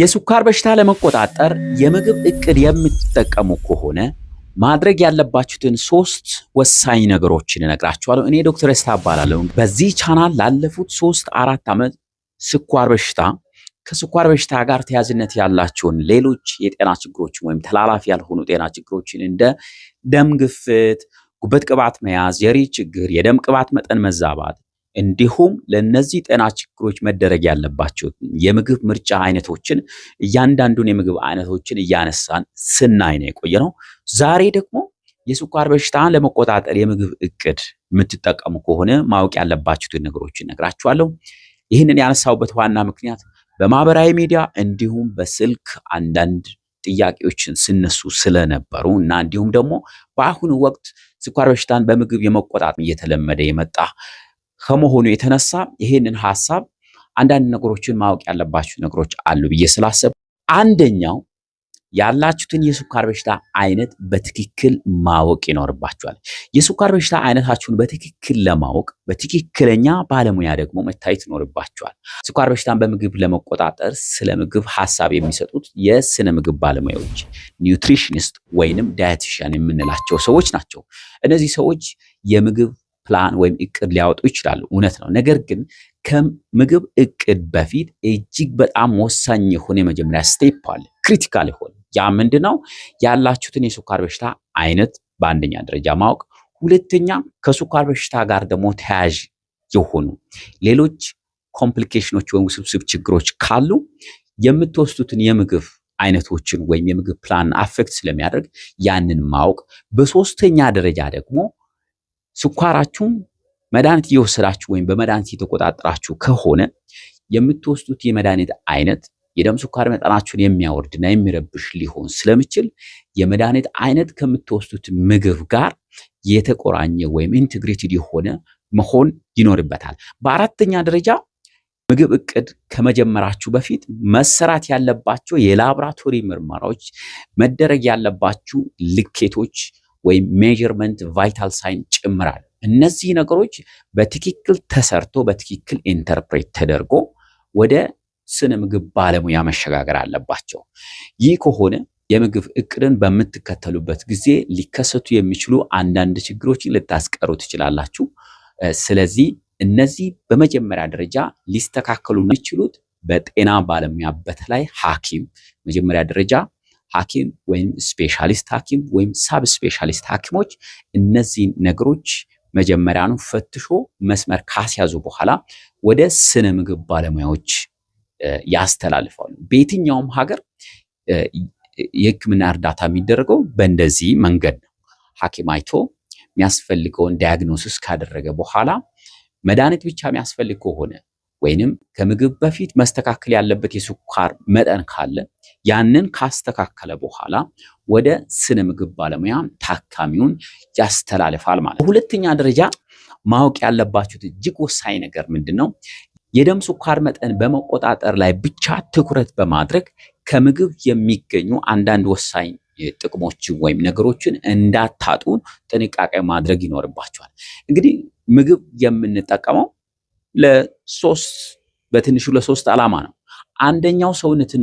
የስኳር በሽታ ለመቆጣጠር የምግብ እቅድ የምትጠቀሙ ከሆነ ማድረግ ያለባችሁትን ሶስት ወሳኝ ነገሮችን እነግራችኋለሁ። እኔ ዶክተር ደስታ እባላለሁ። በዚህ ቻናል ላለፉት ሶስት አራት ዓመት ስኳር በሽታ ከስኳር በሽታ ጋር ተያዝነት ያላቸውን ሌሎች የጤና ችግሮችን ወይም ተላላፊ ያልሆኑ ጤና ችግሮችን እንደ ደም ግፍት፣ ጉበት ቅባት መያዝ፣ የሪ ችግር፣ የደም ቅባት መጠን መዛባት፣ እንዲሁም ለነዚህ ጤና ችግሮች መደረግ ያለባቸው የምግብ ምርጫ አይነቶችን እያንዳንዱን የምግብ አይነቶችን እያነሳን ስናይ ነው የቆየ ነው። ዛሬ ደግሞ የስኳር በሽታን ለመቆጣጠር የምግብ እቅድ የምትጠቀሙ ከሆነ ማወቅ ያለባችሁትን ነገሮች እነግራችኋለሁ። ይህንን ያነሳውበት ዋና ምክንያት በማህበራዊ ሚዲያ እንዲሁም በስልክ አንዳንድ ጥያቄዎችን ስነሱ ስለነበሩ እና እንዲሁም ደግሞ በአሁኑ ወቅት ስኳር በሽታን በምግብ የመቆጣጠር እየተለመደ የመጣ ከመሆኑ የተነሳ ይሄንን ሀሳብ አንዳንድ ነገሮችን ማወቅ ያለባችሁ ነገሮች አሉ ብዬ ስላሰብ፣ አንደኛው ያላችሁትን የስኳር በሽታ አይነት በትክክል ማወቅ ይኖርባችኋል። የስኳር በሽታ አይነታችሁን በትክክል ለማወቅ በትክክለኛ ባለሙያ ደግሞ መታየት ይኖርባችኋል። ስኳር በሽታን በምግብ ለመቆጣጠር ስለ ምግብ ሀሳብ የሚሰጡት የስነ ምግብ ባለሙያዎች ኒውትሪሽኒስት ወይንም ዳየቲሽያን የምንላቸው ሰዎች ናቸው። እነዚህ ሰዎች የምግብ ፕላን ወይም እቅድ ሊያወጡ ይችላሉ። እውነት ነው። ነገር ግን ከምግብ እቅድ በፊት እጅግ በጣም ወሳኝ የሆነ የመጀመሪያ ስቴፕ አለ፣ ክሪቲካል የሆነ ያ ምንድን ነው? ያላችሁትን የስኳር በሽታ አይነት በአንደኛ ደረጃ ማወቅ፣ ሁለተኛ ከስኳር በሽታ ጋር ደግሞ ተያያዥ የሆኑ ሌሎች ኮምፕሊኬሽኖች ወይም ውስብስብ ችግሮች ካሉ የምትወስዱትን የምግብ አይነቶችን ወይም የምግብ ፕላን አፌክት ስለሚያደርግ ያንን ማወቅ፣ በሶስተኛ ደረጃ ደግሞ ስኳራችሁ መድኃኒት እየወሰዳችሁ ወይም በመድኃኒት እየተቆጣጠራችሁ ከሆነ የምትወስዱት የመድኃኒት አይነት የደም ስኳር መጠናችሁን የሚያወርድና የሚረብሽ ሊሆን ስለሚችል የመድኃኒት አይነት ከምትወስዱት ምግብ ጋር የተቆራኘ ወይም ኢንትግሬትድ የሆነ መሆን ይኖርበታል። በአራተኛ ደረጃ ምግብ እቅድ ከመጀመራችሁ በፊት መሰራት ያለባቸው የላብራቶሪ ምርመራዎች፣ መደረግ ያለባችሁ ልኬቶች ወይም ሜዥርመንት ቫይታል ሳይን ጭምራል። እነዚህ ነገሮች በትክክል ተሰርቶ በትክክል ኢንተርፕሬት ተደርጎ ወደ ስነ ምግብ ባለሙያ መሸጋገር አለባቸው። ይህ ከሆነ የምግብ እቅድን በምትከተሉበት ጊዜ ሊከሰቱ የሚችሉ አንዳንድ ችግሮችን ልታስቀሩ ትችላላችሁ። ስለዚህ እነዚህ በመጀመሪያ ደረጃ ሊስተካከሉ የሚችሉት በጤና ባለሙያ በተለይ ሐኪም መጀመሪያ ደረጃ ሐኪም ወይም ስፔሻሊስት ሐኪም ወይም ሳብ ስፔሻሊስት ሐኪሞች እነዚህን ነገሮች መጀመሪያኑ ፈትሾ መስመር ካስያዙ በኋላ ወደ ስነ ምግብ ባለሙያዎች ያስተላልፋሉ። በየትኛውም ሀገር የህክምና እርዳታ የሚደረገው በእንደዚህ መንገድ ነው። ሐኪም አይቶ የሚያስፈልገውን ዳያግኖሲስ ካደረገ በኋላ መድኃኒት ብቻ የሚያስፈልግ ከሆነ ወይንም ከምግብ በፊት መስተካከል ያለበት የስኳር መጠን ካለ ያንን ካስተካከለ በኋላ ወደ ስነ ምግብ ባለሙያ ታካሚውን ያስተላልፋል ማለት በሁለተኛ ሁለተኛ ደረጃ ማወቅ ያለባችሁት እጅግ ወሳኝ ነገር ምንድን ነው? የደም ስኳር መጠን በመቆጣጠር ላይ ብቻ ትኩረት በማድረግ ከምግብ የሚገኙ አንዳንድ ወሳኝ ጥቅሞችን ወይም ነገሮችን እንዳታጡ ጥንቃቄ ማድረግ ይኖርባቸዋል። እንግዲህ ምግብ የምንጠቀመው ለሶስት በትንሹ ለሶስት ዓላማ ነው። አንደኛው ሰውነትን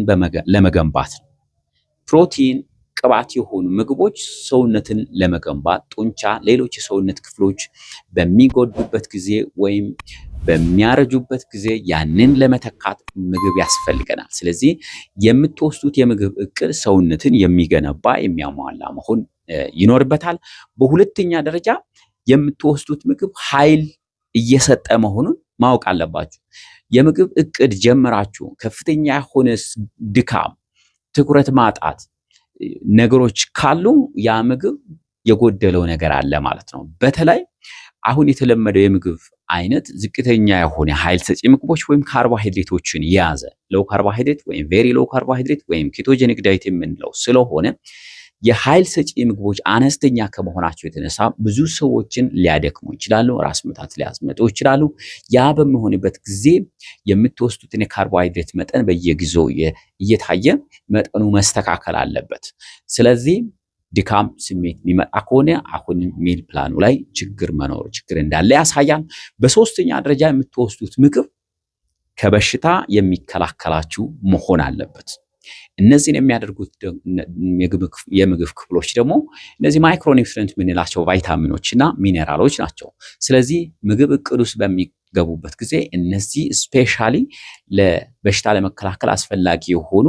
ለመገንባት ነው። ፕሮቲን፣ ቅባት የሆኑ ምግቦች ሰውነትን ለመገንባት ጡንቻ፣ ሌሎች የሰውነት ክፍሎች በሚጎዱበት ጊዜ ወይም በሚያረጁበት ጊዜ ያንን ለመተካት ምግብ ያስፈልገናል። ስለዚህ የምትወስዱት የምግብ እቅድ ሰውነትን የሚገነባ የሚያሟላ መሆን ይኖርበታል። በሁለተኛ ደረጃ የምትወስዱት ምግብ ኃይል እየሰጠ መሆኑን ማወቅ አለባችሁ። የምግብ እቅድ ጀምራችሁ ከፍተኛ የሆነ ድካም፣ ትኩረት ማጣት ነገሮች ካሉ ያ ምግብ የጎደለው ነገር አለ ማለት ነው። በተለይ አሁን የተለመደው የምግብ አይነት ዝቅተኛ የሆነ ኃይል ሰጪ ምግቦች ወይም ካርቦሃይድሬቶችን የያዘ ሎው ካርቦሃይድሬት ወይም ቬሪ ሎው ካርቦሃይድሬት ወይም ኪቶጀኒክ ዳይት የምንለው ስለሆነ የኃይል ሰጪ ምግቦች አነስተኛ ከመሆናቸው የተነሳ ብዙ ሰዎችን ሊያደክሙ ይችላሉ። ራስ ምታት ሊያስመጡ ይችላሉ። ያ በሚሆንበት ጊዜ የምትወስዱትን የካርቦሃይድሬት መጠን በየጊዜው እየታየ መጠኑ መስተካከል አለበት። ስለዚህ ድካም ስሜት የሚመጣ ከሆነ አሁን ሚል ፕላኑ ላይ ችግር መኖር ችግር እንዳለ ያሳያል። በሶስተኛ ደረጃ የምትወስዱት ምግብ ከበሽታ የሚከላከላችሁ መሆን አለበት። እነዚህን የሚያደርጉት የምግብ ክፍሎች ደግሞ እነዚህ ማይክሮኒውትሪንት የምንላቸው ቫይታሚኖች እና ሚኔራሎች ናቸው። ስለዚህ ምግብ እቅድ ውስጥ በሚገቡበት ጊዜ እነዚህ ስፔሻሊ ለበሽታ ለመከላከል አስፈላጊ የሆኑ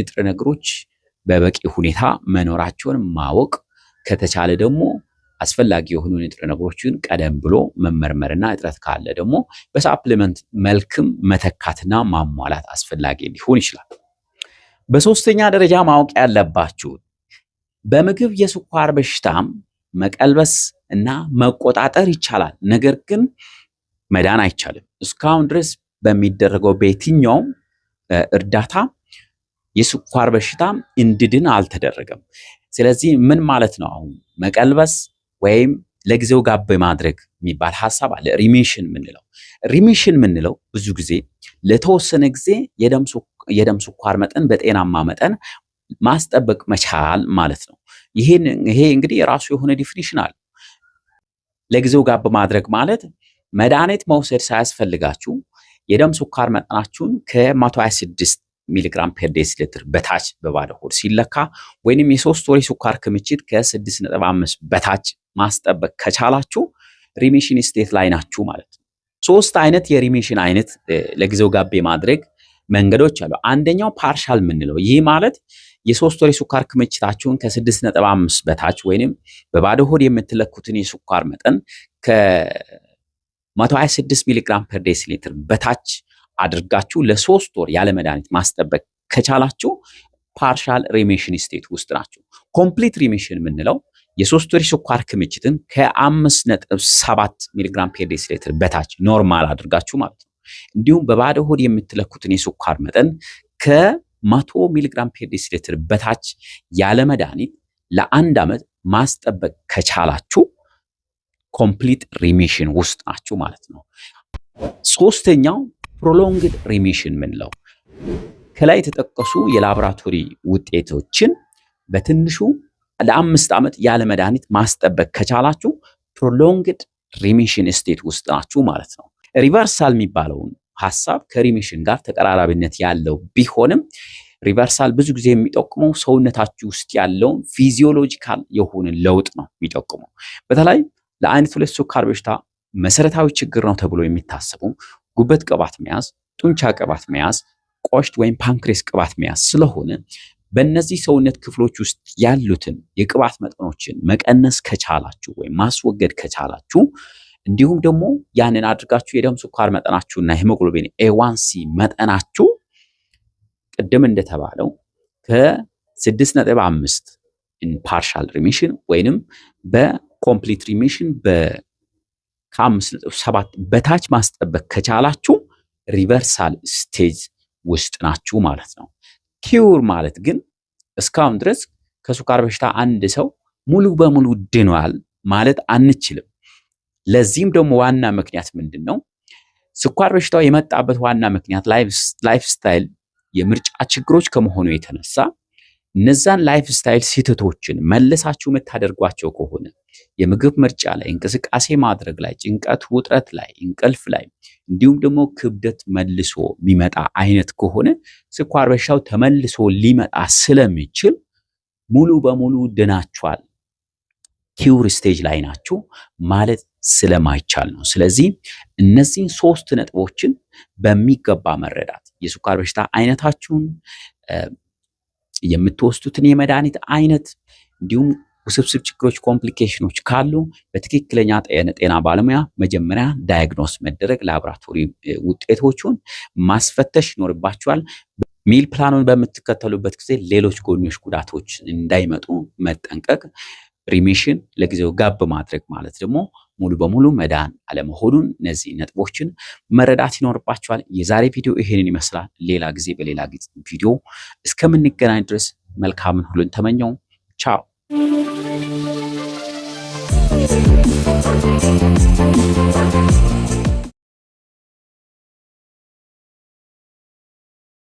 ንጥረ ነገሮች በበቂ ሁኔታ መኖራቸውን ማወቅ ከተቻለ ደግሞ አስፈላጊ የሆኑ ንጥረ ነገሮችን ቀደም ብሎ መመርመርና እጥረት ካለ ደግሞ በሳፕሊመንት መልክም መተካትና ማሟላት አስፈላጊ ሊሆን ይችላል። በሶስተኛ ደረጃ ማወቅ ያለባችሁ በምግብ የስኳር በሽታም መቀልበስ እና መቆጣጠር ይቻላል። ነገር ግን መዳን አይቻልም። እስካሁን ድረስ በሚደረገው በየትኛውም እርዳታ የስኳር በሽታም እንድድን አልተደረገም። ስለዚህ ምን ማለት ነው? አሁን መቀልበስ ወይም ለጊዜው ጋብ ማድረግ የሚባል ሀሳብ አለ። ሪሚሽን ምንለው ሪሚሽን ምንለው ብዙ ጊዜ ለተወሰነ ጊዜ የደም የደም ስኳር መጠን በጤናማ መጠን ማስጠበቅ መቻል ማለት ነው። ይሄን ይሄ እንግዲህ የራሱ የሆነ ዲፊኒሽን አለ። ለጊዜው ጋብ ማድረግ ማለት መድኃኒት መውሰድ ሳያስፈልጋችሁ የደም ስኳር መጠናችሁን ከ126 ሚሊግራም ፐር ዴሲሊትር ሊትር በታች በባለ ሆድ ሲለካ ወይንም የሶስት ወር ስኳር ክምችት ከ6.5 በታች ማስጠበቅ ከቻላችሁ ሪሚሽን ስቴት ላይ ናችሁ ማለት ነው። ሶስት አይነት የሪሚሽን አይነት ለጊዜው ጋቤ ማድረግ መንገዶች አሉ። አንደኛው ፓርሻል የምንለው ይህ ማለት የሶስት ወር የስኳር ክምችታችሁን ከስድስት ነጥብ አምስት በታች ወይም በባዶ ሆድ የምትለኩትን የስኳር መጠን ከ126 ሚሊግራም ፐር ዴሲሊትር በታች አድርጋችሁ ለሶስት ወር ያለ መድኃኒት ማስጠበቅ ከቻላችሁ ፓርሻል ሪሜሽን ስቴት ውስጥ ናቸው። ኮምፕሊት ሪሜሽን የምንለው የሶስት ወር ስኳር ክምችትን ከ5.7 ሰባት ሚሊግራም ፐር ዴሲሊትር በታች ኖርማል አድርጋችሁ ማለት ነው። እንዲሁም በባዶ ሆድ የምትለኩትን የስኳር መጠን ከመቶ ሚሊግራም ፐር ዴሲሊትር በታች ያለ መድኃኒት ለአንድ ዓመት ማስጠበቅ ከቻላችሁ ኮምፕሊት ሪሚሽን ውስጥ ናችሁ ማለት ነው። ሶስተኛው ፕሮሎንግድ ሪሚሽን ምንለው ከላይ የተጠቀሱ የላቦራቶሪ ውጤቶችን በትንሹ ለአምስት ዓመት ያለ መድኃኒት ማስጠበቅ ከቻላችሁ ፕሮሎንግድ ሪሚሽን ስቴት ውስጥ ናችሁ ማለት ነው። ሪቨርሳል የሚባለውን ሀሳብ ከሪሚሽን ጋር ተቀራራቢነት ያለው ቢሆንም ሪቨርሳል ብዙ ጊዜ የሚጠቁመው ሰውነታችሁ ውስጥ ያለውን ፊዚዮሎጂካል የሆነ ለውጥ ነው የሚጠቁመው። በተለይ ለአይነት ሁለት ስኳር በሽታ መሰረታዊ ችግር ነው ተብሎ የሚታሰቡ ጉበት ቅባት መያዝ፣ ጡንቻ ቅባት መያዝ፣ ቆሽት ወይም ፓንክሬስ ቅባት መያዝ ስለሆነ በእነዚህ ሰውነት ክፍሎች ውስጥ ያሉትን የቅባት መጠኖችን መቀነስ ከቻላችሁ ወይም ማስወገድ ከቻላችሁ እንዲሁም ደግሞ ያንን አድርጋችሁ የደም ስኳር መጠናችሁና ሄሞግሎቢን ኤዋንሲ መጠናችሁ ቅድም እንደተባለው ከ 65 ኢን ፓርሻል ሪሚሽን ወይንም በኮምፕሊት ሪሚሽን በ ሰባት በታች ማስጠበቅ ከቻላችሁ ሪቨርሳል ስቴጅ ውስጥ ናችሁ ማለት ነው። ኪውር ማለት ግን እስካሁን ድረስ ከሱካር በሽታ አንድ ሰው ሙሉ በሙሉ ድኗል ማለት አንችልም። ለዚህም ደግሞ ዋና ምክንያት ምንድን ነው? ስኳር በሽታው የመጣበት ዋና ምክንያት ላይፍ ስታይል የምርጫ ችግሮች ከመሆኑ የተነሳ እነዛን ላይፍ ስታይል ስህተቶችን መለሳችሁ የምታደርጓቸው ከሆነ የምግብ ምርጫ ላይ፣ እንቅስቃሴ ማድረግ ላይ፣ ጭንቀት፣ ውጥረት ላይ፣ እንቅልፍ ላይ እንዲሁም ደግሞ ክብደት መልሶ የሚመጣ አይነት ከሆነ ስኳር በሽታው ተመልሶ ሊመጣ ስለሚችል ሙሉ በሙሉ ድናችኋል፣ ኪውር ስቴጅ ላይ ናችሁ ማለት ስለማይቻል ነው። ስለዚህ እነዚህን ሶስት ነጥቦችን በሚገባ መረዳት የስኳር በሽታ አይነታችሁን፣ የምትወስዱትን የመድኃኒት አይነት እንዲሁም ውስብስብ ችግሮች ኮምፕሊኬሽኖች ካሉ በትክክለኛ ጤና ባለሙያ መጀመሪያ ዳያግኖስ መደረግ ላቦራቶሪ ውጤቶቹን ማስፈተሽ ይኖርባቸዋል። ሚል ፕላኑን በምትከተሉበት ጊዜ ሌሎች ጎኞች ጉዳቶች እንዳይመጡ መጠንቀቅ፣ ሪሚሽን ለጊዜው ጋብ ማድረግ ማለት ደግሞ ሙሉ በሙሉ መዳን አለመሆኑን እነዚህ ነጥቦችን መረዳት ይኖርባቸዋል። የዛሬ ቪዲዮ ይሄንን ይመስላል። ሌላ ጊዜ በሌላ ቪዲዮ እስከምንገናኝ ድረስ መልካምን ሁሉን ተመኘው። ቻው